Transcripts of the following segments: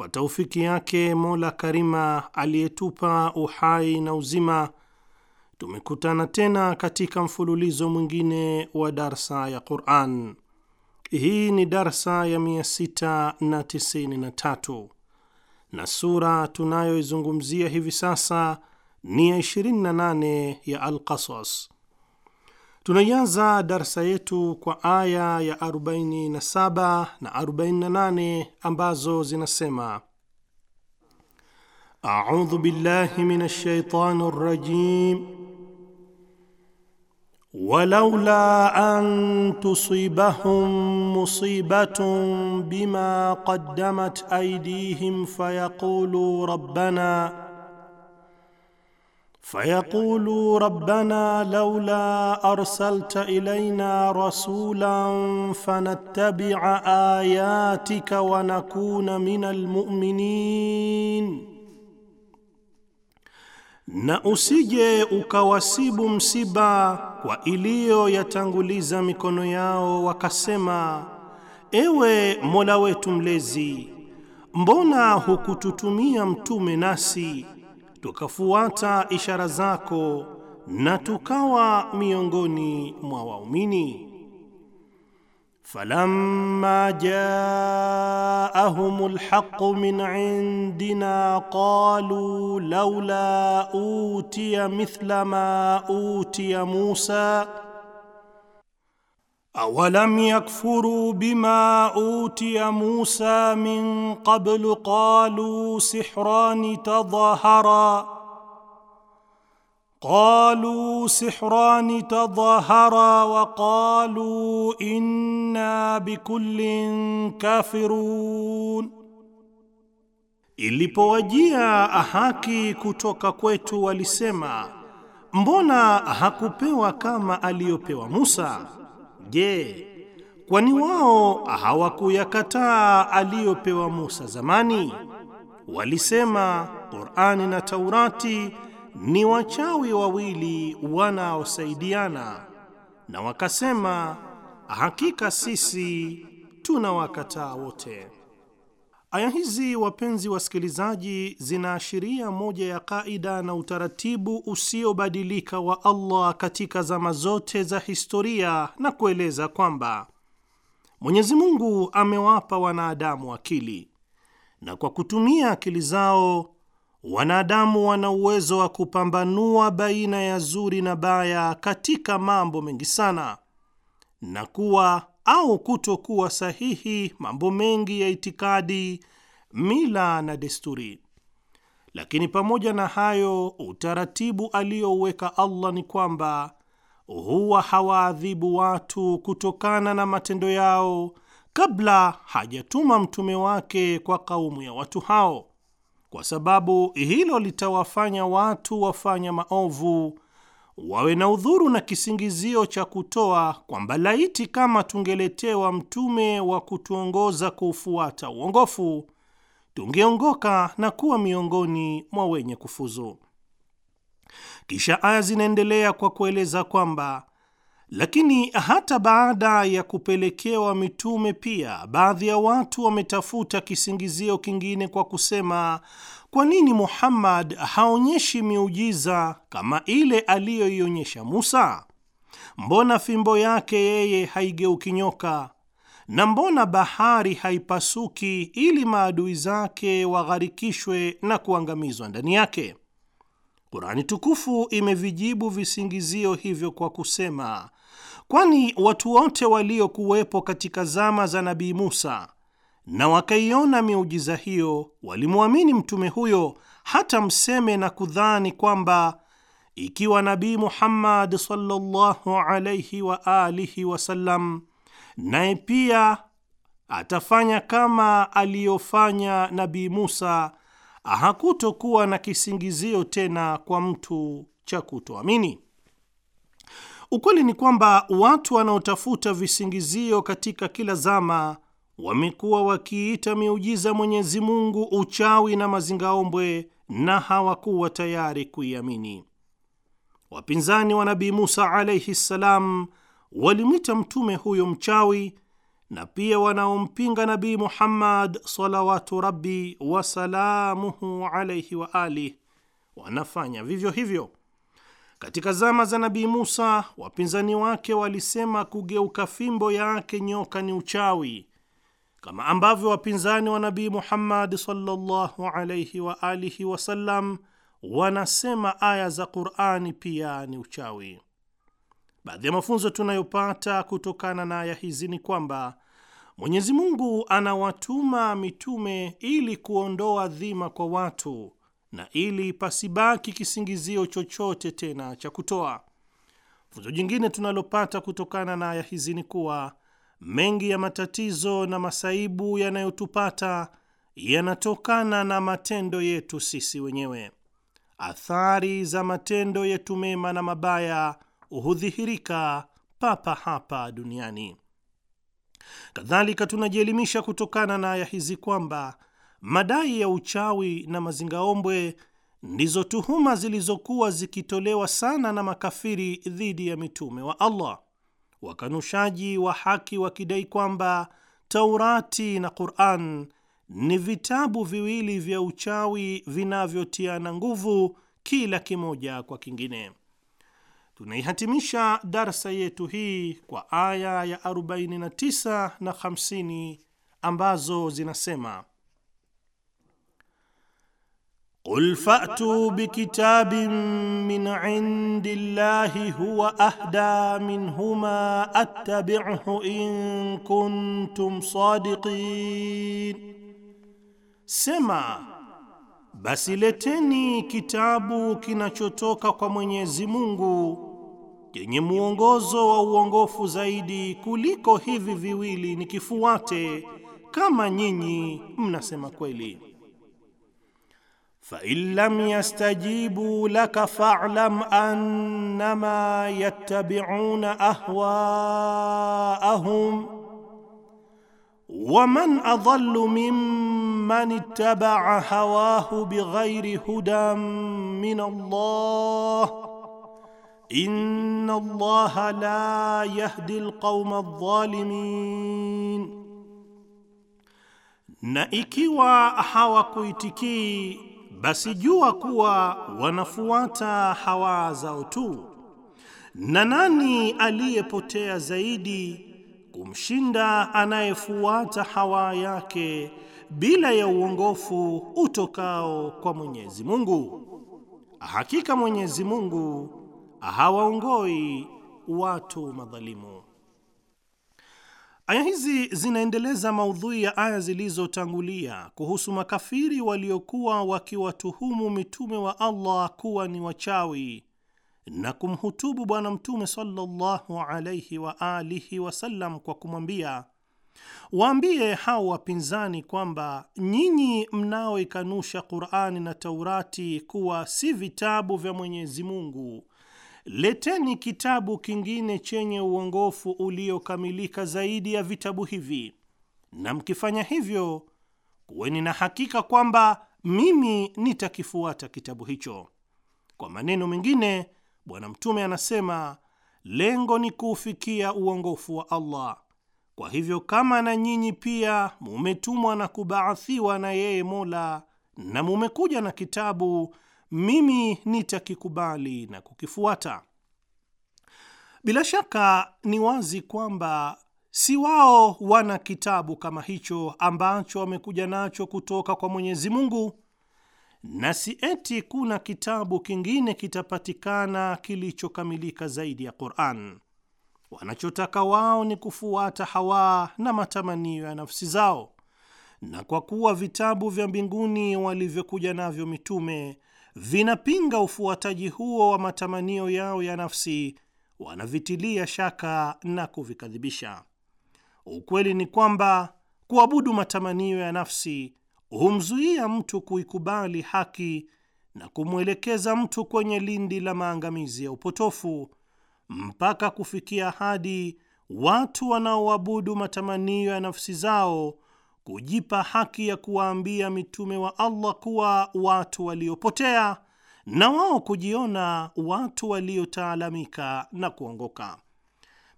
kwa taufiki yake Mola Karima aliyetupa uhai na uzima, tumekutana tena katika mfululizo mwingine wa darsa ya Quran. Hii ni darsa ya 693 na sura tunayoizungumzia hivi sasa ni ya 28 ya Alqasas. Tunaianza darsa yetu kwa aya ya 47 na 48 ambazo zinasema: audhu billahi minash shaitani rajim walaula an tusibahum musibatun bima qaddamat aydihim fayaqulu rabbana fayaqulu rabbana laula arsalta ilaina rasulan fanattabi'a ayatika wa nakuna minal mu'minin, na usije ukawasibu msiba kwa iliyoyatanguliza mikono yao, wakasema: ewe Mola wetu Mlezi, mbona hukututumia mtume nasi tukafuata ishara zako na tukawa miongoni mwa waumini. Falamma jaahum alhaqu min indina qalu laula utiya mithla ma utiya Musa awalam yakfuru bima utiya Musa min qablu qalu sihrani tadhahara قالوا tadhahara wa qalu inna bikullin kafirun, Ilipowajia ahaki kutoka kwetu walisema mbona hakupewa kama aliyopewa Musa Je, kwani wao hawakuyakataa aliyopewa Musa zamani? Walisema Qur'ani na Taurati ni wachawi wawili wanaosaidiana, na wakasema hakika sisi tunawakataa wote. Aya hizi wapenzi wasikilizaji, zinaashiria moja ya kaida na utaratibu usiobadilika wa Allah katika zama zote za historia na kueleza kwamba Mwenyezi Mungu amewapa wanadamu akili na kwa kutumia akili zao wanadamu wana uwezo wa kupambanua baina ya zuri na baya katika mambo mengi sana na kuwa au kutokuwa sahihi mambo mengi ya itikadi, mila na desturi. Lakini pamoja na hayo, utaratibu aliyoweka Allah ni kwamba huwa hawaadhibu watu kutokana na matendo yao kabla hajatuma mtume wake kwa kaumu ya watu hao, kwa sababu hilo litawafanya watu wafanya maovu wawe na udhuru na kisingizio cha kutoa kwamba laiti kama tungeletewa mtume wa kutuongoza kuufuata uongofu tungeongoka na kuwa miongoni mwa wenye kufuzu. Kisha aya zinaendelea kwa kueleza kwamba lakini hata baada ya kupelekewa mitume, pia baadhi ya watu wametafuta kisingizio kingine kwa kusema, kwa nini Muhammad haonyeshi miujiza kama ile aliyoionyesha Musa? Mbona fimbo yake yeye haigeuki nyoka na mbona bahari haipasuki ili maadui zake wagharikishwe na kuangamizwa ndani yake? Kurani tukufu imevijibu visingizio hivyo kwa kusema kwani watu wote waliokuwepo katika zama za Nabii Musa na wakaiona miujiza hiyo walimwamini mtume huyo, hata mseme na kudhani kwamba ikiwa Nabii Muhammad sallallahu alayhi wa alihi wasallam naye pia atafanya kama aliyofanya Nabii Musa, hakutokuwa na kisingizio tena kwa mtu cha kutoamini. Ukweli ni kwamba watu wanaotafuta visingizio katika kila zama wamekuwa wakiita miujiza Mwenyezi Mungu uchawi na mazingaombwe na hawakuwa tayari kuiamini. Wapinzani wa Nabii Musa alaihi ssalam walimwita mtume huyo mchawi na pia wanaompinga Nabii Muhammad salawatu rabbi wasalamuhu alaihi wa alih wanafanya vivyo hivyo. Katika zama za Nabii Musa wapinzani wake walisema kugeuka fimbo yake nyoka ni uchawi, kama ambavyo wapinzani wa Nabii Muhammad sallallahu alayhi wa alihi wasallam wanasema aya za Qur'ani pia ni uchawi. Baadhi ya mafunzo tunayopata kutokana na aya hizi ni kwamba Mwenyezi Mungu anawatuma mitume ili kuondoa dhima kwa watu na ili pasibaki kisingizio chochote tena cha kutoa. Funzo jingine tunalopata kutokana na aya hizi ni kuwa mengi ya matatizo na masaibu yanayotupata yanatokana na matendo yetu sisi wenyewe. Athari za matendo yetu mema na mabaya hudhihirika papa hapa duniani. Kadhalika, tunajielimisha kutokana na aya hizi kwamba Madai ya uchawi na mazingaombwe ndizo tuhuma zilizokuwa zikitolewa sana na makafiri dhidi ya mitume wa Allah. Wakanushaji wa haki wakidai kwamba Taurati na Qur'an ni vitabu viwili vya uchawi vinavyotiana nguvu kila kimoja kwa kingine. Tunaihatimisha darsa yetu hii kwa aya ya 49 na 50 ambazo zinasema Qul fa'tu bikitabin min indi llahi huwa ahda minhuma attabi'hu in kuntum sadiqin, sema basi leteni kitabu kinachotoka kwa Mwenyezi Mungu chenye mwongozo wa uongofu zaidi kuliko hivi viwili nikifuate, kama nyinyi mnasema kweli. فان لم يستجيبوا لك فاعلم انما يتبعون اهواءهم ومن اضل ممن اتبع هواه بغير هدى من الله ان الله لا يهدي القوم الظالمين na ikiwa hawakuitikii basi jua kuwa wanafuata hawa zao tu. Na nani aliyepotea zaidi kumshinda anayefuata hawa yake bila ya uongofu utokao kwa Mwenyezi Mungu? Hakika Mwenyezi Mungu hawaongoi watu madhalimu. Aya hizi zinaendeleza maudhui ya aya zilizotangulia kuhusu makafiri waliokuwa wakiwatuhumu mitume wa Allah kuwa ni wachawi na kumhutubu Bwana Mtume sallallahu alaihi wa alihi wasallam kwa kumwambia, waambie hao wapinzani kwamba nyinyi mnaoikanusha Qur'ani na Taurati kuwa si vitabu vya Mwenyezi Mungu leteni kitabu kingine chenye uongofu uliokamilika zaidi ya vitabu hivi, na mkifanya hivyo, kuweni na hakika kwamba mimi nitakifuata kitabu hicho. Kwa maneno mengine, Bwana Mtume anasema lengo ni kuufikia uongofu wa Allah. Kwa hivyo, kama na nyinyi pia mumetumwa na kubaathiwa na yeye Mola na mumekuja na kitabu mimi nitakikubali na kukifuata. Bila shaka ni wazi kwamba si wao wana kitabu kama hicho ambacho wamekuja nacho kutoka kwa Mwenyezi Mungu, na si eti kuna kitabu kingine kitapatikana kilichokamilika zaidi ya Qur'an. Wanachotaka wao ni kufuata hawa na matamanio ya nafsi zao, na kwa kuwa vitabu vya mbinguni walivyokuja navyo mitume vinapinga ufuataji huo wa matamanio yao ya nafsi, wanavitilia shaka na kuvikadhibisha. Ukweli ni kwamba kuabudu matamanio ya nafsi humzuia mtu kuikubali haki na kumwelekeza mtu kwenye lindi la maangamizi ya upotofu mpaka kufikia hadi watu wanaoabudu matamanio ya nafsi zao kujipa haki ya kuwaambia mitume wa Allah kuwa watu waliopotea na wao kujiona watu waliotaalamika na kuongoka.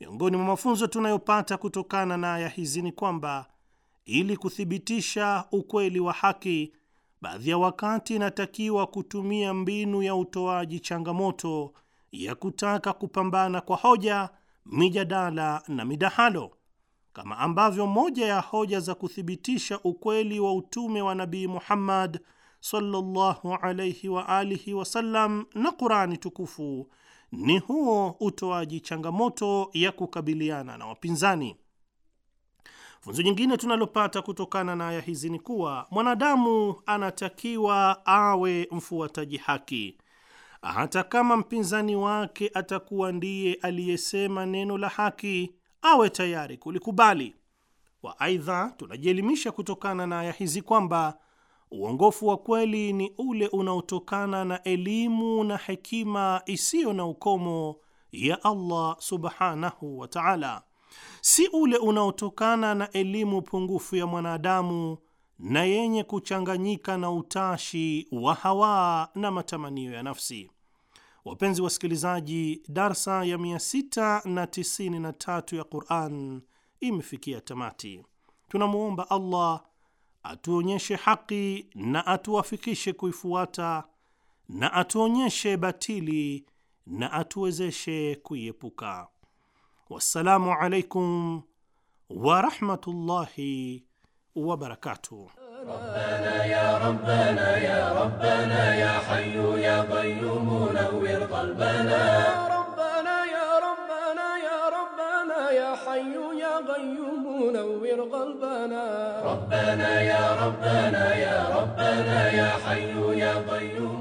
Miongoni mwa mafunzo tunayopata kutokana na aya hizi ni kwamba ili kuthibitisha ukweli wa haki, baadhi ya wakati inatakiwa kutumia mbinu ya utoaji changamoto ya kutaka kupambana kwa hoja, mijadala na midahalo kama ambavyo moja ya hoja za kuthibitisha ukweli wa utume wa Nabii Muhammad sallallahu alayhi wa alihi wasallam na Qurani tukufu ni huo utoaji changamoto ya kukabiliana na wapinzani. Funzo nyingine tunalopata kutokana na aya hizi ni kuwa mwanadamu anatakiwa awe mfuataji haki, hata kama mpinzani wake atakuwa ndiye aliyesema neno la haki awe tayari kulikubali. Wa aidha, tunajielimisha kutokana na aya hizi kwamba uongofu wa kweli ni ule unaotokana na elimu na hekima isiyo na ukomo ya Allah subhanahu wa ta'ala, si ule unaotokana na elimu pungufu ya mwanadamu na yenye kuchanganyika na utashi wa hawa na matamanio ya nafsi. Wapenzi wasikilizaji, darsa ya 693 ya Quran imefikia tamati. Tunamwomba Allah atuonyeshe haki na atuwafikishe kuifuata na atuonyeshe batili na atuwezeshe kuiepuka. Wassalamu alaikum warahmatullahi wabarakatuh. ربنا يا ربنا يا ربنا يا حي يا قيوم نور قلبنا ربنا يا ربنا يا ربنا يا حي يا قيوم نور قلبنا ربنا يا ربنا يا ربنا يا حي يا قيوم